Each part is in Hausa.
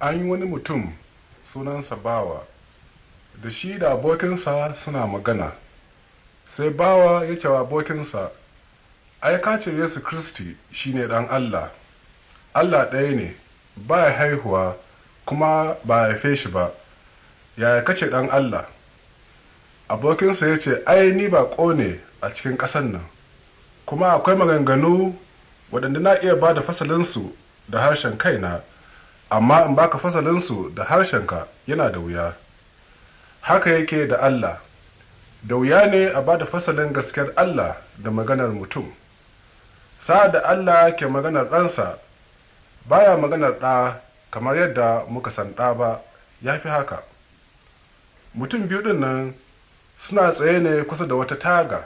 an yi wani mutum sunansa bawa da shi da abokinsa suna magana sai bawa ya ce wa abokinsa ai ka ce yesu kristi shine dan allah allah ɗaya ne ba ya haihuwa kuma ba ya haife shi ba yaya kace dan allah abokinsa ya ce ai ni ba ne a cikin ƙasan nan kuma akwai maganganu waɗanda na iya ba da fasalinsu da harshen kaina amma in baka fasalinsu da harshenka yana da wuya haka yake da Allah da wuya ne a ba da fasalin gaskiyar Allah da maganar mutum sa'ad da Allah ke maganar ɗansa baya maganar ɗa kamar yadda muka san ɗa ba ya fi haka mutum biyu ɗin nan suna tsaye ne kusa da wata taga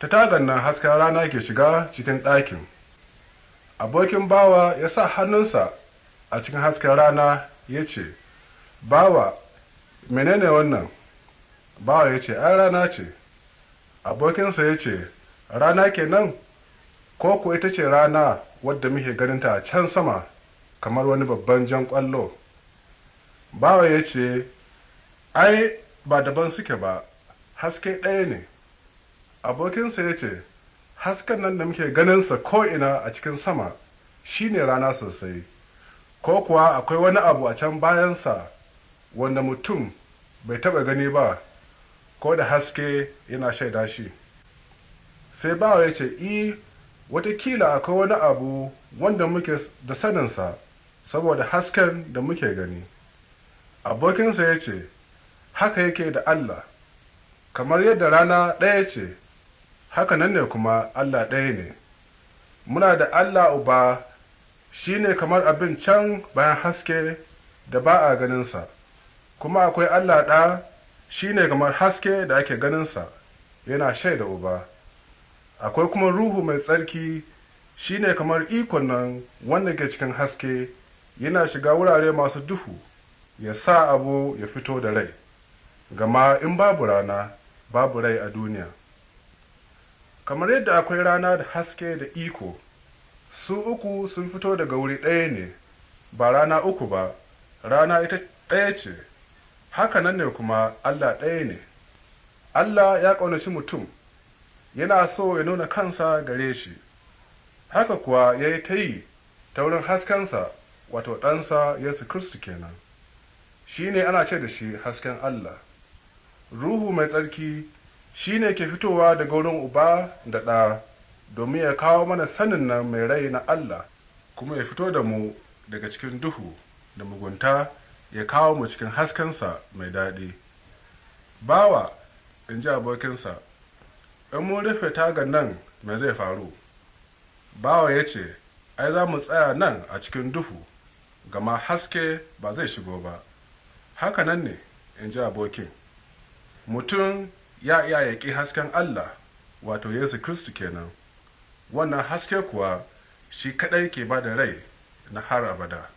ta tagan nan hasken rana ke shiga cikin ɗakin abokin bawa ya sa hannunsa a cikin hasken rana ya ce bawa menene wannan bawa ya ce ai rana ce abokinsa ya ce rana kenan ko ku ita ce rana wadda muke ganinta a can sama kamar wani babban jan kwallo bawa ya ce ai ba daban suke ba haske ɗaya ne abokinsa ya ce hasken nan da muke ganinsa ko'ina a cikin sama shine rana sosai ko kuwa akwai wani abu a can bayansa wanda mutum bai taɓa gani ba ko da haske yana shaida shi sai bawa ya ce i watakila akwai wani abu wanda muke da saninsa saboda hasken da muke gani abokinsa ya ce haka yake da allah kamar yadda rana ɗaya ce haka nan ne kuma allah ɗaya ne muna da allah uba Shi ne kamar abin can bayan haske da ba a ganinsa kuma akwai Allah ɗa ne kamar haske da ake ganinsa yana shaida uba akwai kuma ruhu mai tsarki shi ne kamar ikon nan wanda ke cikin haske yana shiga wurare masu duhu ya sa abu ya fito da rai gama in babu rana babu rai a duniya kamar yadda akwai rana da haske da iko su uku sun fito daga wuri ɗaya ne ba rana uku ba rana ita ɗaya ce haka nan ne kuma Allah ɗaya ne Allah ya ƙaunaci mutum yana so ya nuna kansa gare shi haka kuwa ya yi ta yi ta wurin haskensa wato ɗansa Yesu kristu kenan shi ne ana ce da shi hasken Allah Ruhu mai tsarki shi ne ke fitowa daga wurin Uba da ɗa domin ya kawo mana sanin nan mai rai na Allah kuma ya fito da mu daga cikin duhu da mugunta ya kawo mu cikin haskensa mai daɗi bawa in ji abokinsa in mun rufe tagan nan me zai faru bawa ya ce ai za mu tsaya nan a cikin duhu gama haske ba zai shigo ba haka nan ne in ji abokin mutum ya iya yaƙi hasken allah wato yesu Kristu kenan wannan haske kuwa shi kadai ke ba da rai na har abada